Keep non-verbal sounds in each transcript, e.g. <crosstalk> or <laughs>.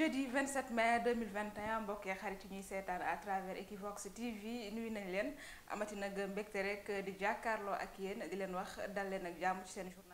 jeudi 27 mai 2021 mbokkee xarit yi ñuy seetaan à travers Equivox TV nuyu nañ leen amati nag mbégte rek di jàkkaarloo ak yéen di leen wax dal leen ak jàmm ci seen journée.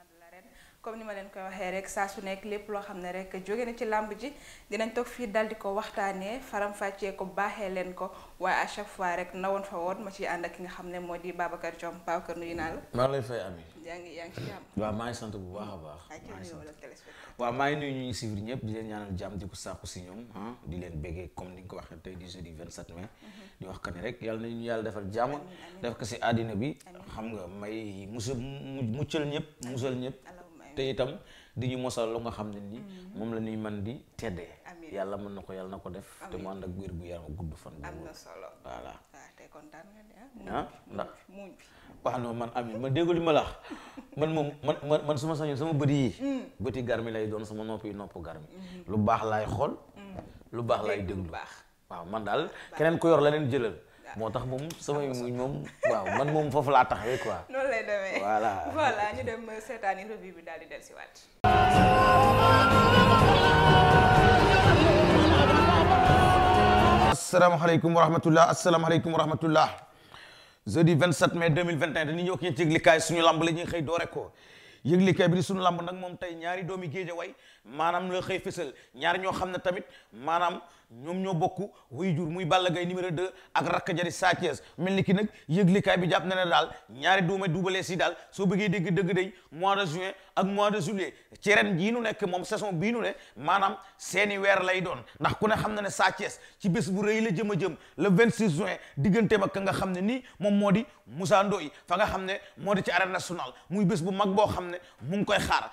comme ni ma leen koy waxee rek saa su nekk lépp loo xam ne rek jóge na ci làmb ji dinañ toog fii dal di ko waxtaanee faram-fàccee ko baaxee leen ko waaye à chaque fois rek na woon fa woon ma ciy ak ki nga xam ne moo di Babacar Diome Babacar nuyu naa la. maa ngi lay fay ami. yaa ngi yaa ngi ci jàmm. waaw maa ngi sant bu baax a baax. maa ngi sant waaw maa ngi nuyu ñu ngi suivre ñëpp leen ñaanal jàmm di ko sàkku si ñoom ah, di leen béggee comme ni nga ko waxee tey di jeudi 27 mai. Mhm. di wax ka rek yàlla nañu yàlla defal jàmm def ko si àddina bi xam nga may musul muccal ñëpp musal ñëpp te itam di ñu mosal lu nga xam ne ni mm-hmm. moom la ñuy man di teddee yàlla mën na ko yàlla na ko def te mu ànd ak wér gu yaram gudd fan am na solo voilà ah, tey kontaan nga de ah. Ah, ndax muñ bi waaw non man amin ma déggu li ma lax man moom man man man suma sañoon suma bët yi mm. bëti garmi lay doon sama nopp yi nopp garmi mm-hmm. lu baax laay xool mm. lu baax lay déglu baax waaw man daal keneen ku yor leneen jëlal moo tax moom samay muñ moom waaw man moom foofu laa taxawee quoi. <laughs> noonu lay demee voilà voilà ñu dem seetaani revue bi daal di dellusiwaat. asalaamaaleykum wa rahmatulah asalaamaaleykum wa rahmatulah. jeudi 27 mai 2021 dañuy ñëw ak yéen ci yëglikaay suñu lamb la ñuy xëy doore ko yëglikaay bi di suñu lamb nag moom tey ñaari doomi géeja way maanaam la xëy fësal ñaar ñoo xam ne tamit maanaam ñoom ñoo bokk wuy jur muy Balla Gaye numéro 2 ak rakk jari Sa Thiès mel ni ki nag yëglikaay bi jàpp na ne daal ñaari duume duubalee si daal soo bëggee dégg dëgg day mois de juin ak mois de juillet ci ren jii nu nekk moom saison bii nu ne maanaam seeni weer lay doon ndax ku ne xam na ne Sa Thiès ci bés bu rëy la jëm a jëm le 26 juin digganteem ak ka nga xam ne nii moom moo di Moussa Ndoye fa nga xam ne moo di ci arène nationale muy bés bu mag boo xam ne mu ngi koy xaar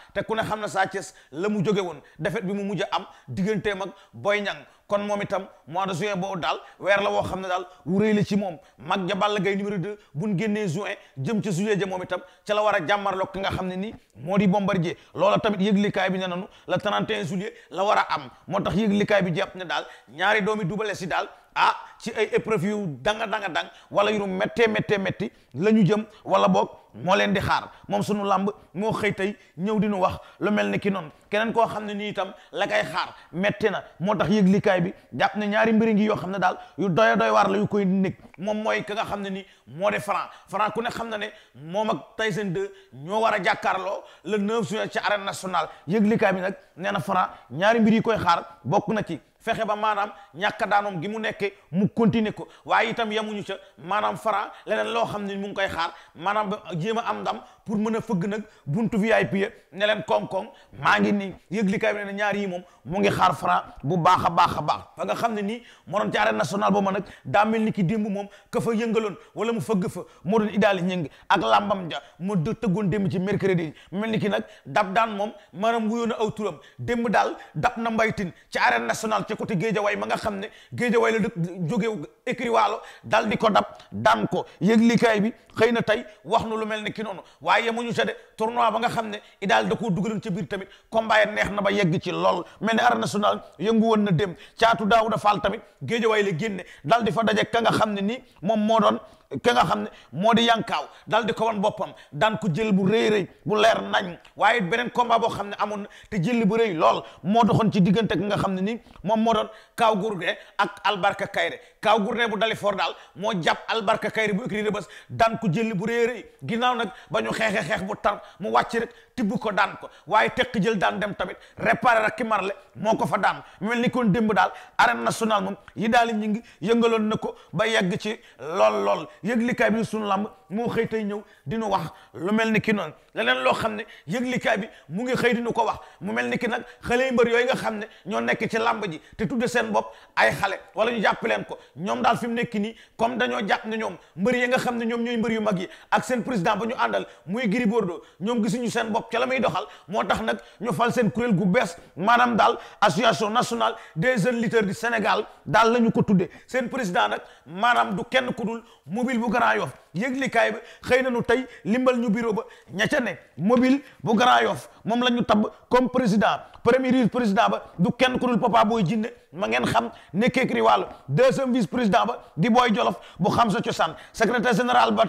woon défaite bi mu mujj am digganteem ak Boy Niang kon moom itam mois de juin boobu daal weer la woo xam ne daal wuréy la ci moom mag ja Balla Gaye numéro de buñ génnee juin jëm ca juillet ja moom itam ca la war a jàmmarloo ki nga xam ne ni moo di Bombardier loola tamit yëglikaay bi ne noonu le 31 juillet la war am moo tax yëglikaay bi jàpp na daal ñaari doomi dubale si daal ah ci ay épreuve yu danga danga dang wala yu méttee méttee métti la ñu jëm wala boog moo leen di xaar moom sunu làmb moo xëy tey ñëw di nu wax lu mel ni ki noonu keneen koo xam ne nii itam la kay xaar métti na moo tax yëglikaay bi jàpp na ñaari mbiri ngi yoo xam ne daal yu doy doy la yu koy nekk moom mooy ka nga xam ne nii moo de Franc Franc ku ne xam na ne moom ak Tyson 2 ñoo war a jàkkaarloo le 9 juin ci arène nationale yëglikaay bi nag nee na Franc ñaari mbir yi koy xaar bokk na ci fexe ba maanaam ñàkk daanoom gi mu nekkee mu continuer ko waaye itam yamuñu ca maanaam Franc leneen loo xam ne mu ngi koy xaar maanaam jéem a am ndam pour mën a fëgg nag buntu VIP ya ne leen koŋ-koŋ maa ngi nii yëglikaay bi ne na ñaar yi moom moo ngi xaar Franc bu baax a baax a baax fa nga xam ne ni moo doon ci arène nationale ba ma nag daa mel ni ki démb moom ka fa yëngaloon wala mu fëgg fa moo doon idaali ñëng ak lambam ja mu dë tëggoon démb ci mercredi mel ni ki nag dab daan moom maanaam wuyoon na aw turam démb daal dab na mbaytin ci arène national ci côté Géejawaay ma nga xam ne Géejawaay la dëkk jóge écrit waalo dal di ko dab daan ko yëglikaay bi xëy na tey wax nu lu mel ni ki waaye yemuñu ca de tournoi ba nga xam ne i daal da koo dugaloon ca biir tamit combat ya neex na ba yegg ci lool mel ni arène nationale yëngu woon na dem caatu Daawuda Fall tamit géejawaay la génne dal di fa daje ka nga xam ne nii moom moo doon ki nga xam ne moo di yankaaw dal di ko wan boppam daan ko jël bu rëy rëy bu leer nañ waaye beneen combat boo xam ne amoon na te jël bu rëy lool moo doxoon ci diggante ak nga xam ne ni moom moo doon Kaaw Gourdin ak Albarka Kayre Kaaw Gourdin bu dali foor daal moo jàpp Albarka Kayre bu écrit bés daan ko jël bu rëy rëy ginnaaw nag ba ñu xeexee xeex bu tar mu wàcc rek tibb ko daan ko waaye teq jël daan dem tamit réparé ak ki marle moo ko fa daan mel ni kon démb daal arène nationale moom yi daal ñu ngi yëngaloon na ko ba yegg ci lool lool yëglikaay bi sunu lamb moo xëy tey ñëw dina wax lu mel ni ki noonu leneen loo xam ne yëglikaay bi mu ngi xëy dinu ko wax mu mel ni ki nag xale yu mbër yooyu nga xam ne ñoo nekk ci làmb ji te tudde seen bopp ay xale wala ñu jàpp leen ko ñoom daal fi mu nekk nii comme dañoo jàpp ne ñoom mbër yi nga xam ne ñoom ñooy mbër yu mag yi ak seen président ba ñu àndal muy Gris Bordeaux ñoom gisuñu seen bopp ca la muy doxal moo tax nag ñu fal seen kuréel gu bees maanaam daal association national des jeunes lutteurs du Sénégal daal la ko tudde seen président nag maanaam du kenn ku dul mobile bu Grand Yoff yëglikaay ba xëy na nu tey limbal ñu bureau ba ña ca ne mobile bu Grand Yoff moom la ñu tabb comme président premier vice président ba du kenn ku dul Papa Boy Djiné ma ngeen xam ne Kékri Wàll deuxième vice président ba di booy Jolof bu xam sa cosaan secrétaire général ba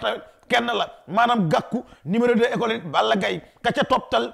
kenn la maanaam gàkku numéro de école Balla Gaye ka ca toptal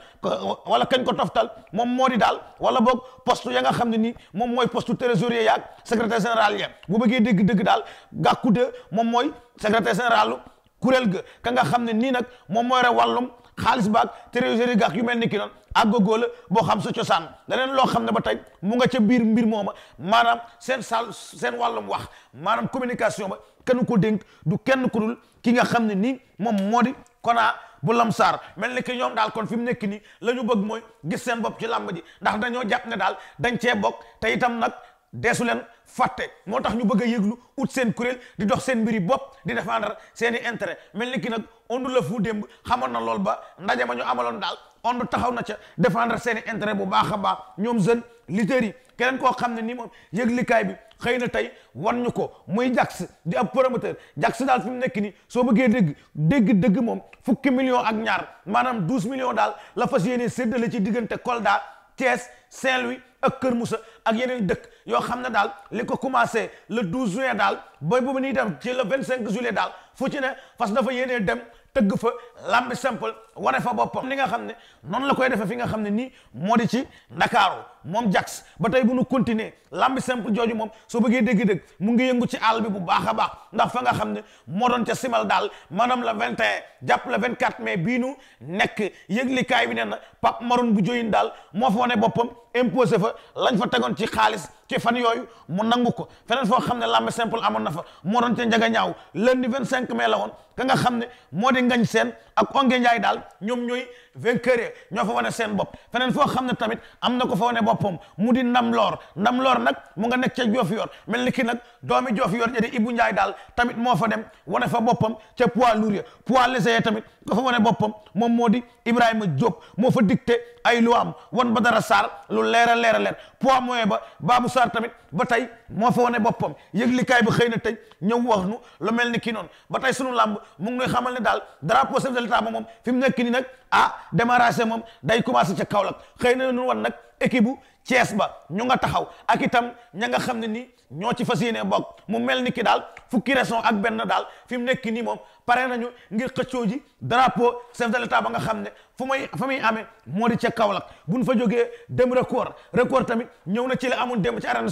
wala kañ ko toftal moom moo di daal wala bok poste ya nga xam ne ni moom mooy poste trésorier yaag secrétaire général ya bu bëggee dégg dëgg daal gàkku de moom mooy secrétaire général kuréel ga ka nga xam ne nii nag moom mooy re wàllum xaalis baag trésorier gàkk yu mel ni ki noonu àggagoo la boo xam sa cosaan leneen loo xam ne ba tey mu nga ca biir mbir mooma maanaam seen sal seen wàllum wax maanaam communication ba kenn ku dénk du kenn ku dul ki nga xam ne nii moom moo di konaa bu lamsaar mel ni ki ñoom daal kon fi mu nekk nii la ñu bëgg mooy gis seen bopp ci làmb ji ndax dañoo jàpp ne daal dañ cee bokk te itam nag deesu leen fàtte moo tax ñu bëgg a yëglu ut seen kuréel di dox seen mbiri bopp di défendre seen i intérêt mel ni ki nag ondu la fu démb xamoon na lool ba ndaje ma ñu amaloon daal ondu taxaw na ca défendre seen i bu baax a baax ñoom jeune leader yi keneen koo xam ne nii moom yëglikaay bi xëy na tey wan ñu ko muy Jax di ab promoteur Jax daal fi mu nekk nii soo bëggee dégg dégg dëgg moom fukki million ak ñaar maanaam douze millions daal la fas yéene séddale ci diggante Kolda Thiès Saint-Louis ak Kër musa ak yeneen dëkk yoo xam ne daal li ko commencé le douze juin daal booy boobu nii dem ci le cinq juillet daal fu ci dem. tëgg fa lambi simple wane fa boppam li nga xam ne noonu la koy defee fi nga xam ne nii moo di ci Ndakaaru moom Jax ba tey bu nu continuer lambi simple jooju moom soo bëggee dégg-dégg mu ngi yëngu ci àll bi bu baax a baax ndax fa nga xam ne moo doon ca simal daal maanaam la 21 jàpp la 24 mais bii nu nekk yëglikaay bi nee na Pape Maroon bu joyin daal moo fa wane boppam imposé fa lañ fa tegoon ci xaalis ke fan yooyu mu nangu ko feneen foo xam ne lamb simple amoon na fa moo doon ca ñaaw lundi vingt cinq mai la woon nga xam ne moo di ngañ seen ak onge njaay daal ñoom ñooy vainqueur yi ñoo fa wane seen bopp feneen foo xam ne tamit am na ko fa wane boppam mu di nam loor ndam nag mu nga nekk ca joof yor mel ni ki nag doomi joof yor jadi ibu njaay daal tamit moo fa dem wane fa boppam ca poids lourd ya poids léger ya tamit ko fa wane boppam moom moo di ibrahima diop moo fa dicté ay lu am wan badara sarr lu leer leer a leer poids ba Babou Sarr tamit ba tey moo fa wane boppam yëglikaay bi xëy na tey ñëw wax nu lu mel ni kii noonu ba tey sunu làmb mu ngi nuy xamal ne daal drapeau chef de l'État ba moom fi mu nekk nii nag ah démarrage moom day commencé ca Kaolack xëy na nu wan nag équipe bu Cees ba ñu nga taxaw ak itam ña nga xam ne nii ñoo ci fas yéene bokk mu mel ni ki daal fukki raison ak benn daal fi mu nekk nii moom pare nañu ngir xëccoo ji drapeau chef de l'état ba nga xam ne fu may fa muy amee moo di ca Kaolack bu ñu fa jógee dem record record tamit ñëw na ci la amoon dem ci arène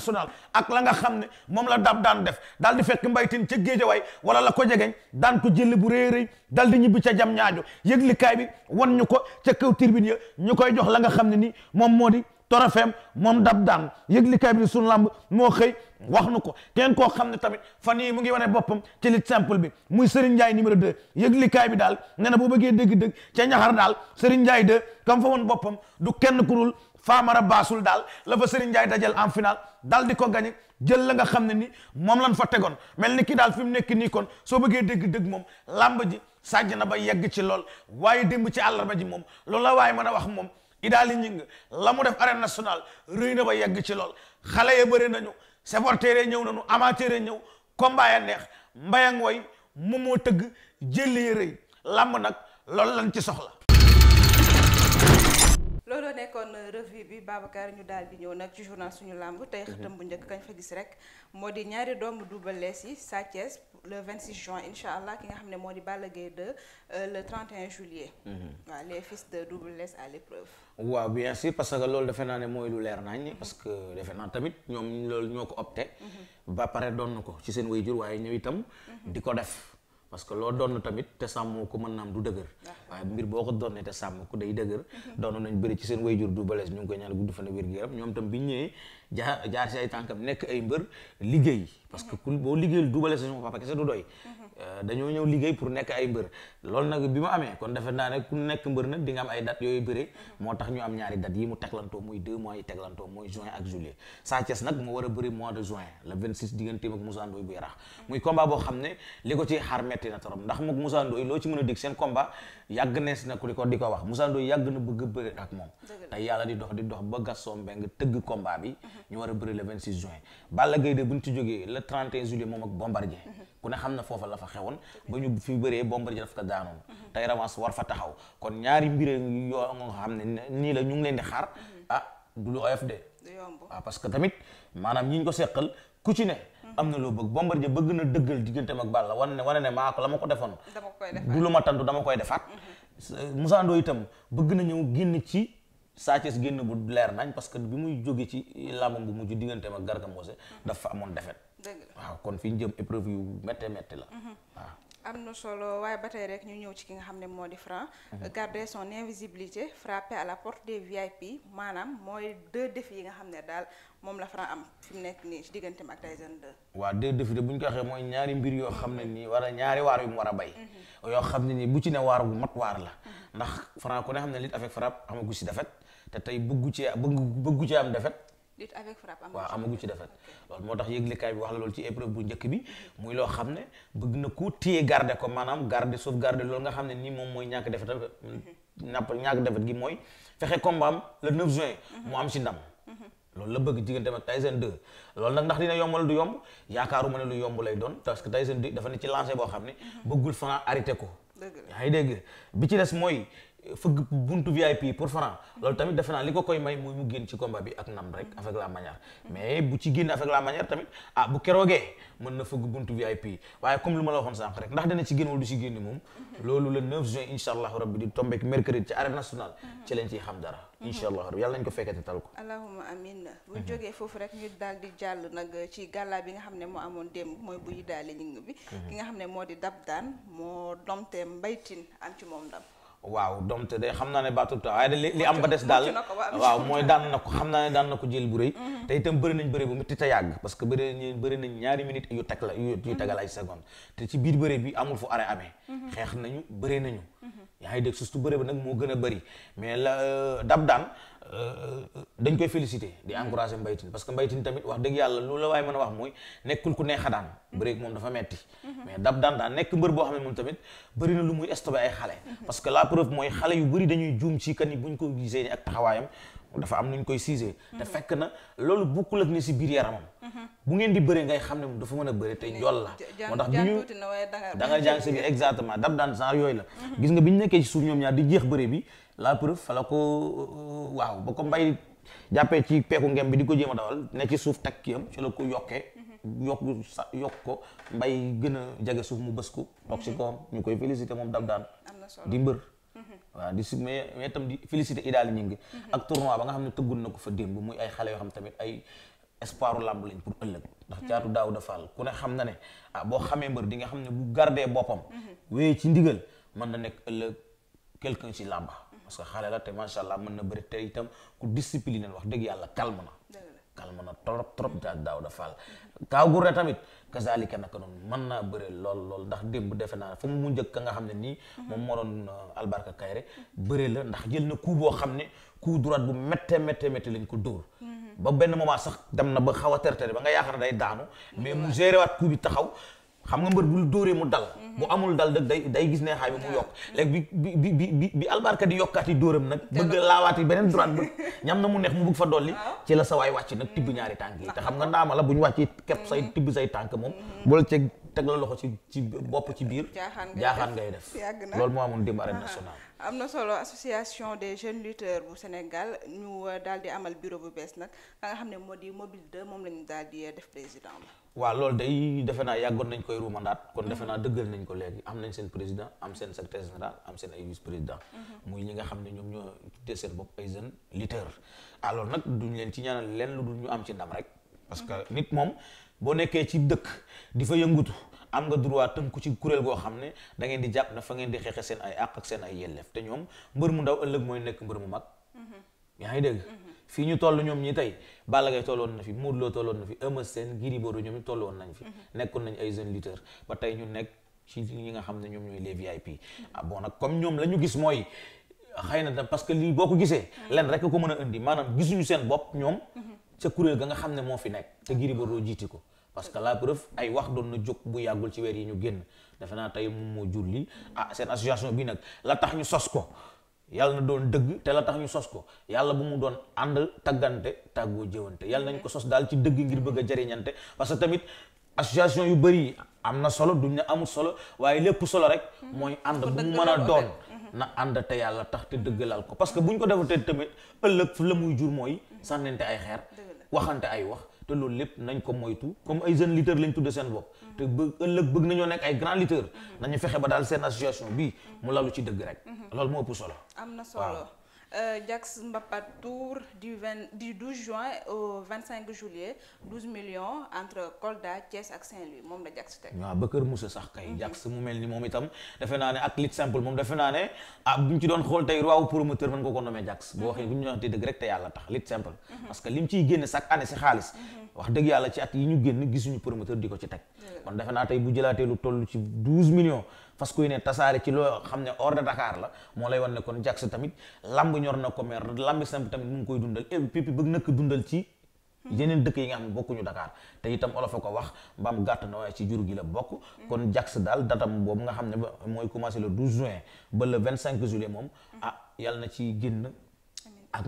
ak la nga xam ne moom la dab daan def daal di fekk mbaytin ca géejawaay wala la ko jegeñ daan ko jël bu rëy rëy dal di ñibbi ca jam ñaajo yëglikaay bi wan ko ca kaw tribune ñu koy jox la nga xam ne ni moom moo di torofeem moom dab daan yëglikaay bi sunu lamb moo xëy wax nu ko kenn koo xam ne tamit fan yii mu ngi wane boppam ci lit simple bi muy Serigne Ndiaye numéro de yëglikaay bi daal nee na boo bëggee dëgg-dëgg ca ñaxar daal Serigne Ndiaye 2 kam fa woon boppam du kenn kurul dul Famara Baasul daal la fa Serigne Ndiaye dajal en final dal di ko gañe jël la nga xam ne ni moom lan fa tegoon mel ni ki daal fi mu nekk nii kon soo bëggee dëgg-dëgg moom lamb ji sàjj na ba yegg ci lool waaye démb ci àllarba ji moom loolu la waaye mën a wax moom i daal di ñing la mu def arène nationale na ba yegg ci lool xale ya bëri nañu supporters ñëw nañu amateurs ya ñëw combat ya neex mbayang way moom tëgg jëli ya rëy làmb nag loolu lañ ci soxla looloo nekkoon revue bi Babacar ñu daal di ñëw nag ci journal suñu làmb tey xëtam bu njëkk kañ fa gis rek moo di ñaari doomu Double Less yi Sa le 26 juin incha allah ki nga xam ne moo di Balla Gaye 2 euh, le 31 juillet. Mhm. waaw le fils de Double Less à l'épreuve. waaw bien sûr parce que loolu defe naa ne mooy lu leer nañ parce que defe naa tamit ñoom loolu ñoo ko opté. Mhm. ba pare doon na ko ci seen wayjur waaye ñëw itam. Mhm. di ko def. parce que loo doon tamit te sàmmoo ko mën naam du dëgër waaye mbir boo ko doonee te sàmm ko day dëgër doon nañ bëri ci seen wayjur du balees ñu ngi koy ñaan gudd fan wér gu yaram ñoom tam ñëwee ja jaar si ay tànkam nekk ay mbër liggéey parce que ku boo liggéeyul dubale sa suma papa kese du doy euh, dañoo ñëw liggéey pour nekk ay mbër loolu nag bi mu amee kon defe naa ne ku mbër nag di nga am ay date yooyu bëree moo tax ñu am ñaari date yi mu teglantoo muy deux mois yi teglantoo mooy juin ak juillet Sa Thiès mois de juin le 26 digganteem ak Moussa Ndoye bu boo xam ne li ko ci xaar metti na torop ndax mook Moussa Ndoye loo ci mën a dégg seen combat yàgg nees na ku di ko di ko wax Moussa Ndoye yàgg na bëgg bëri ak moom te yàlla di dox di dox ba Gaston Mbengue tëgg combat bi ñu war a bëri le 26 juin Balla Gaye de bu ñu ci jógee le 31 juillet moom ak Bombardier ku ne xam na foofa la fa xewoon ba ñu fi bëree Bombardier daf ko daanoon tey revanche war fa taxaw kon ñaari mbir yoo nga xam ne nii la ñu ngi leen di xaar ah du lu ah, que tamit maanaam ñi ñu ko seqal ku ci ne am na loo bëgg Bombardier bëgg na dëggal diggante ak Balla wane ne wane ne maa ko la ma ko defoon du lu ma tantu dama koy defaat mhm. Moussa Ndoye itam bëgg na ñëw génn ci Sa Thiès génn bu leer nañ parce que bi muy jóge ci làmbam bu mujj diggante ak Garga Mbossé dafa amoon defet waaw kon fi ñu jëm épreuve yu métte métti la mhm. waaw am na solo waaye ba tey rek ñu ñëw ci ki nga xam ne moo di Franc mhm. garder son invisibilité frapper à la porte des VIP maanaam mooy deux défis yi nga xam ne daal moom la Franc am fi mu nekk nii ci digganteem ak Tyson 2 waaw deux défis de bu ñu ko waxee mooy ñaari mbir yoo xam ne nii wala ñaari waar yu mu war a bay mhm. yoo xam ne nii bu ci ne waar bu mat waar la mhm. ndax Franc ku ne xam ne lutte avec am amagu si defet te tey bëggu cee bëgg bëggu cee am defet lutte avec frappe waaw amagu ci defet loolu moo tax yëglekaay bi wax la loolu ci épreuve bu njëkk bi muy loo xam ne bëgg na ku téye garde ko maanaam garder sauvegarder loolu nga xam ne nii moom mooy ñàkk defet mhm. napp ñàkk defet gi mooy fexe combat am le 9 juin mhm. mu am si ndam mhm. loolu la bëgg digganteem ak Tyson 2 loolu nag ndax dina yombal du yomb yaakaaruma ne lu yomb lay doon parce que Tyson 2 dafa ne ci lancé boo xam ne bëggul Franc arrêté ko yaa dégg bi ci des mooy fëgg buntu VIP pour Franc loolu tamit defe naa li ko koy may mooy mu génn ci combat bi ak nam rek avec la manière mais bu ci génn avec la manière tamit ah bu keroogee mën na fëgg buntu VIP waaye comme lu ma la waxoon sànq rek ndax dana ci génn wala du ci génn moom loolu le 9 juin incha allah rabbi di tombeek mercredi ci arène nationale ci lañ ciy xam dara incha allah rabbi yàlla nañ ko fekkete tal ko allahuma amin mhm. bu jógee foofu rek ñu daal di jàll nag gàllaa bi nga xam ne moo amoon démb mooy bu yi daali nga xam ne moo di dab daan moo domte mbaytin am ci moom ndam waaw doomte de xam naa ne baatut waaye li li am ba des daal waaw mooy daan na ko xam naa ne daan na ko jël bu rëy mhm. te itam bëri nañ bëri bu métti te yàgg parce que bëri nañ bëri nañ ñaari minutes yu teg la yu tegal ay seconde te ci biir bëri bi amul fu arrêt amee mhm. xeex nañu bëri nañu mhm. yaa ngi dégg surtout bëri ba nag moo gën a bëri mais la euh, dab daan euh, euh, dañ koy félicité di encourager Mbaye Tine parce que Mbaye Tine tamit wax dëgg yàlla lu la waaye mën a wax mooy nekkul ku neexa daan bëreeg moom dafa metti mhm. mais dab daan boo xam ne moom tamit bëri na lu muy stocké ay xale mhm. parce que la preuve mooy xale yu bëri dañuy juum ci kan ko gisee ni ak taxawaayam dafa am nuñ koy siisee mhm. te fekk na loolu bokkul ak ni si biir yaramam bu ngeen di bëree ngay xam ne dafa man a bëre te njool la moo tax bi ñu da nga jàng si biir exactement dab daan genre yooyu la gis nga bi ñu nekkee ci suuf ñoom ñaar di jeex bëre bi la preuve fa la ko waaw jàppee ci peeku ngem bi di ko jéem a dawal ne ci suuf takk kiyam ci la ko yokkee mhm. yokk sa yokk ko mbay gën a jage suuf mu bës ko toog si mhm. kawam ñu koy félicité moom dab daan di mbër mhm. waaw di si mais mais itam di félicité Idaali ñu ngi ak tournoi ba nga xam ne tëggun na ko fa démb muy ay xale yoo xam tamit ay espoiru làmb lañ pour ëllëg ndax caatu daaw dafaal ku ne xam na ne ah boo xamee mbër di nga xam ne bu gardee boppam wéyee ci ndigal mën na nekk ëllëg quelqu'un ci làmba parce que xale la te macha allah mën na bëri te itam ku discipliné wax dëgg yàlla calme na. calme na trop trop jaaj daaw da faal kaaw gur ne tamit kazalika naka noonu mën naa bëre lool lool ndax démb defe naa fu mu njëkk nga xam ne nii mhm. moom moo doon euh, albarka kayre bëre la ndax jël na coup boo xam ne coup droit bu métte métte métte lañ ko dóor mhm. ba benn moment sax dem na ba xaw a tertere ba nga yaakaar ne day daanu mais mu géré waat taxaw xam nga mbër bul dóoree mu dal mhm. bu amul dal dëgg day day gis ne xaay bi mu ah. yokk léegi bi bi bi bi bi albarka di yokkaati dóoram nag bëgg laawaati beneen droite ba ñam na mu neex mu bëgg fa dolli ci la sa waay wàcc nag tibb ñaari tànk yi te xam nga ndaama la bu ñu wàccee kepp say mhm. tibb say tànk moom mhm. boole ceeg teg la loxo ci ci bopp ci biir jaaxaan ngay def loolu moo amoon démb arène ah, ah. nationale am na solo association des jeunes lutteurs bu Sénégal ñu euh, daal di amal bureau bu bees nag nga xam ne moo di mobile 2 moom lañu daal di euh, def président waaw loolu day defe naa yàggoon nañ koy ruumandaat kon defe naa dëggal nañ ko léegi am nañ seen président am seen secrétaire général am seen ay vice président mhm. muy ñi nga xam ne ñoom ñoo tuddee seen bopp ay jeunes leaders alors nag duñ leen ci ñaanal leen lu dul ñu am ci ndam rek parce que mhm. nit moom boo nekkee ci dëkk di fa yëngutu am nga droit ku ci kuréel goo xam ne da ngeen di jàpp na fa ngeen di xeexe seen ay àq ak seen ay yelleef te ñoom mbër mu ndaw mooy nekk mbër mu mag yaa ngi dégg. fii ñu toll ñoom ñi tey Balla Gaye tolloon na fi Modou Lo tolloon na fi Eumeu Sène Gris Bordeaux ñoom ñu tolloon nañ fi. Mhm. nekkoon nañ ay jeunes lutteurs ba tey ñu nekk ci ñi nga xam ne ñoom ñooy les VIP. ah bon nag comme ñoom la ñu gis mooy xëy na parce que lii boo ko gisee. Mhm. len rek ko mën a indi maanaam gisuñu seen bopp ñoom. Mhm. ca kuréel ga nga xam ne moo fi nekk te Gris jiiti ko. parce que la preuve ay wax doon na jóg bu yàggul ci weer yi ñu génn defe naa tey moom moo jur lii ah seen bi nag la tax ñu sos ko yàlla na doon dëgg te la tax ñu sos ko yàlla bu mu doon ànd taggante tàggoo jëwante yàlla nañ ko sos daal ci dëgg ngir bëgg a jariñante parce que tamit association yu bëri am na solo duñ ne amul solo waaye lépp solo rek mooy ànd bu mu mën a doon na ànd te yàlla tax te dëgg dëggalal ko parce que ñu ko defatee tamit ëllëg fu la muy jur mooy sànnante ay xeer waxante ay wax te loolu lépp nañ ko moytu comme ay jeunes lutteurs lañ tudde seen bopp te bëgg ëllëg bëgg nañoo nekk ay grands lutteurs nañu fexe ba daal seen association bi mu lalu ci dëgg rek loolu moo ëpp solo am na solo euh, Jax Mbapat Tour du 20 du 12 juin au 25 juillet 12 millions entre Kolda Thiès ak saint waaw ba Kër Moussa sax kay. Mhm. Jax mu mel ni moom itam defe naa ne ak lit simple moom defe naa ne ah bu ñu ci doon xool tey roi promoteur mën nga ko nommer Jax. boo mhm. waxee bu ñu doon dëgg rek te yàlla tax lit simple. Mhm. parce lim ciy génne chaque année si wax dëgg yàlla ci at yi ñu génn gisuñu promoteur di ko ci teg mm. kon defe naa tey bu jëlaatee lu toll ci douze millions parce que ne tasaare ci loo xam ne hors de Dakar la moo lay wan ne kon Jax tamit lamb ñor na ko mais lamb simple tamit mu ngi koy dundal et puis bëgg na ko dundal ci hmm. yeneen dëkk yi nga xam ne bokkuñu dakaar te itam olof a ko wax mbaam gàtt na waaye ci jur gi la bokk hmm. kon Jax daal datam boobu nga xam ne mooy commencé le 12 juin ba le 25 juillet moom hmm. ah yàlla na ci génn ak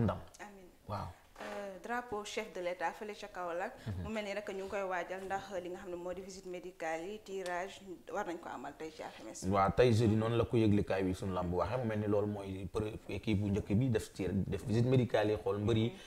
drapeau chef de l'état fële ca Kaolack mhm. mu mel ni rek ñu ngi koy waajal ndax li nga xam ne moo di visite médicale yi tirage war nañ ko amal tey ci alxames waaw tey jeudi noonu la ko yëglikaay bi suñu làmb waxee mu mel ni loolu mooy équipe bu njëkk bi def tir def visite médicale yi xool mbër yi mhm.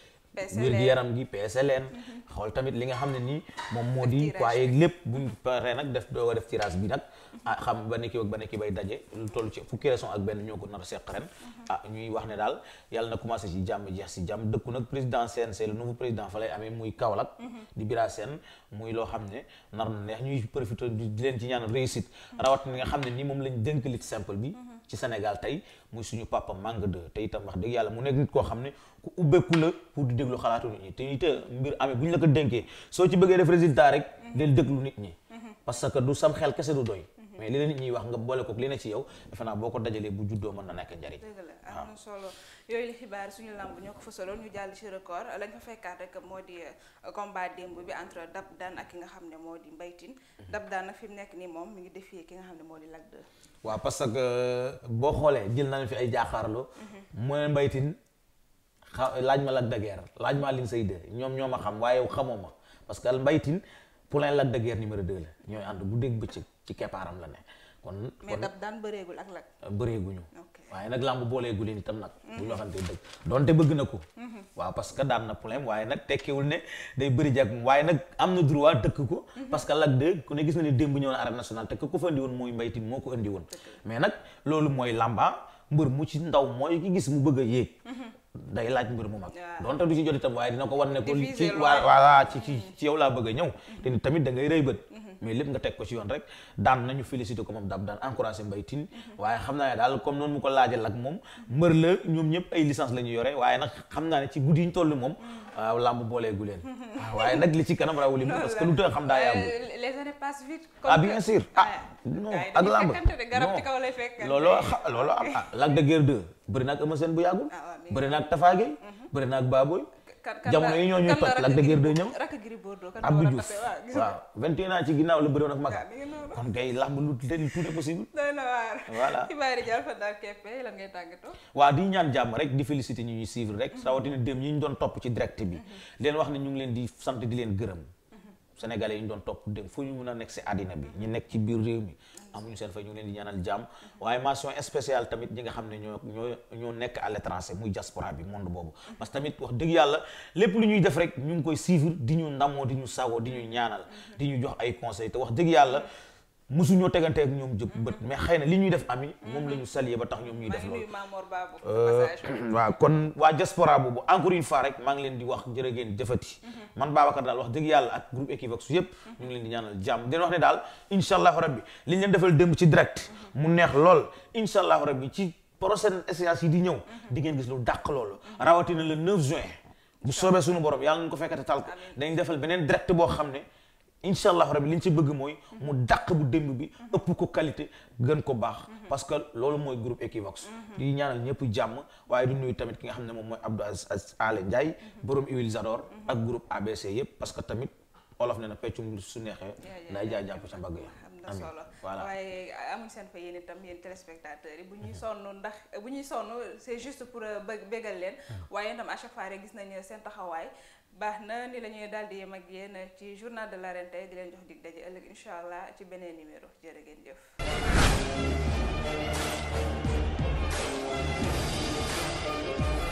wér gi yaram gi peese leen xool tamit li nga xam ne nii moom moo di poids yeeg lépp buñ paree nag def doo def tirage bi nag ah xam ba nekki ak ba nekki bay daje lu toll ci fukki raison ak benn ñoo ko nar a seq ren uh-huh. ah ñuy wax ne daal yàlla na commencé si jàmm jeex si jàmm dëkku nag président CNC le nouveau président fa lay amee muy kaw Kaolack uh-huh. di Bira Sène muy loo xam ne nar na neex ñuy profité di leen ci ñaan réussite uh-huh. rawat ni nga xam ne nii moom lañ dënk lit simple bi ci Sénégal tey muy suñu papa Manga 2 te itam wax dëgg yàlla mu nekk nit koo xam ne ku ubbeeku la pour di déglu xalaatu nit ñi te it euh, mbir amee bu ñu la ko dénkee soo ci bëggee def résiltat rek mhm. del déglu nit ñi mhm. parce que du sam xel kese du doy mais li la nit ñuy wax nga boole ko li na ci yow defe naa boo ko dajalee bu juddoo mën na nekk njariñ dëgg la am na solo yooyu la xibaar suñu lamb ñoo ko fa fasaloon ñu jàll ci record lañ fa fekkaat rek moo di uh, combat démb bi entre Dab Daan ak ki nga xam ne moo di Mbaye Tine mhm. Dab Daan nag fi mu nekk nii moom mi ngi défier ki nga xam ne moo di waaw parce que uh, boo xoolee jël nañ fi ay jaaxaarloo mhm. mu ne xa laaj ma Lac de Guiers laaj ma Alioune Seye ñoom ñoo ma xam waaye xamoo ma parce que Mbaye Tine pour lañ Lac de Guiers numéro 2 la ñooy ànd bu dégg bëccëg ci keppaaram la ne kon. mais dab daan bëreegul ak lak. bëreeguñu. waaye nag làmb booleegul itam nag. Mm-hmm. bu ñu waxantee dëgg bëgg na ko. Mm-hmm. waaw parce que daan na leem waaye nag tekkiwul ne day bëri jag waaye nag am na droit tëkk ko. Mm-hmm. parce que lak de ku ne gis na ne démb ñëwoon arène nationale te ku fa woon mooy mbayti moo ko indi woon. mais nag loolu mooy làmba ah. mbër mu ci ndaw mooy ki gis mu bëgg a yéeg. day laaj mbir mu mag donte du ci jot itam waaye dina ko wan ko ci waa waa ci ci yow laa bëgg a ñëw te tamit da ngay rëy bët mais lépp nga teg ko ci yoon rek daan nañu félicité ko moom dab daan encouragé Mbaye Tine waaye xam naa ne daal comme noonu mu ko laajee lak moom mbër la ñoom ñëpp ay licence la ñu yore waaye nag xam naa ne ci guddi ñu toll moom làmb booleegu leen waaye nag li ci kanam rawuli moom parce que lu tax xam daa yàggul euh, les années passent vite ah, ah, ah, am ah Lac de Guiers 2 bëri bu yàggul bëri naag Tapha Guèye mhm. bëri naag jamono yi ñoo ñuy toj Lac de Guiers day ñëw Abdou Diouf waaw vingt et un ans ci ginnaaw la bëriwoon ak mag kon tey lamb lu te tout est possible waa <laughs> eh, di ñaan jàmm rek di féliciter ñu ñuy suivre rek mhm. rawatina dem ñi ñu doon topp ci direct bi mhm. leen wax ne ñu ngi leen di sant di leen gërëm sénégalais yi ñu doon topp dégg foo ñu mun a nekk si àddina bi ñu nekk ci biir réew mi amuñu seen fay ñu leen di ñaanal jàmm waaye mention spéciale tamit ñi nga xam ne ñoo ñoo ñoo nekk à l'étranger muy diaspora bi monde boobu parce que tamit wax dëgg yàlla lépp lu ñuy def rek ñu ngi koy suivre di ñu ndamoo di ñu sagoo di ñu ñaanal di ñu jox ay conseils te wax dëgg yàlla musu ñoo tegante ak ñoom jëg bët mhm. mais xëy na li ñuy def ami mhm. moom la ñu salué ba tax ñoom ñuy def loolu euh, waaw kon waa diaspora boobu encore une fois rek maa ngi leen di wax jërë ngeen jëfati mhm. man Babacar daal wax dëgg yàlla ak groupe Equivox yëpp ñu ngi leen di ñaanal jàmm di wax ne daal incha allahu rabbi li ñu leen defal démb ci direct mu neex lool incha allahu rabbi ci prochaine séance yi di ñëw di ngeen gis lu dàq loolu rawatina le 9 juin bu soobee suñu borom yàlla ko fekkate tal ko beneen direct boo xam ne incha allah rabi li ñu ci bëgg mooy mu dàq bu démb bi ëpp ko qualité gën ko baax parce que loolu mooy groupe Equivox di ñaanal ñëpp jàmm waaye du nuyu tamit ki nga xam ne moom mooy Abdou Aziz Alé Ndiaye borom Huilisador ak groupe ABC yëpp parce que tamit olof ne na peccum su neexee nday jaay jàpp sa mbagg ya am na solo waaye amuñ seen fa yéen itam yéen téléspectateurs yi bu ñuy sonn ndax bu ñuy sonn c'est juste pour euh, bëgg bégal leen hmm. waaye itam à chaque fois rek gis nañ seen taxawaay baax na ni la ñuy daal di yem ak yéen ci journal de la tey di leen jox dig daje ëllëg incha allah ci beneen numéro jërë ngeen jëf.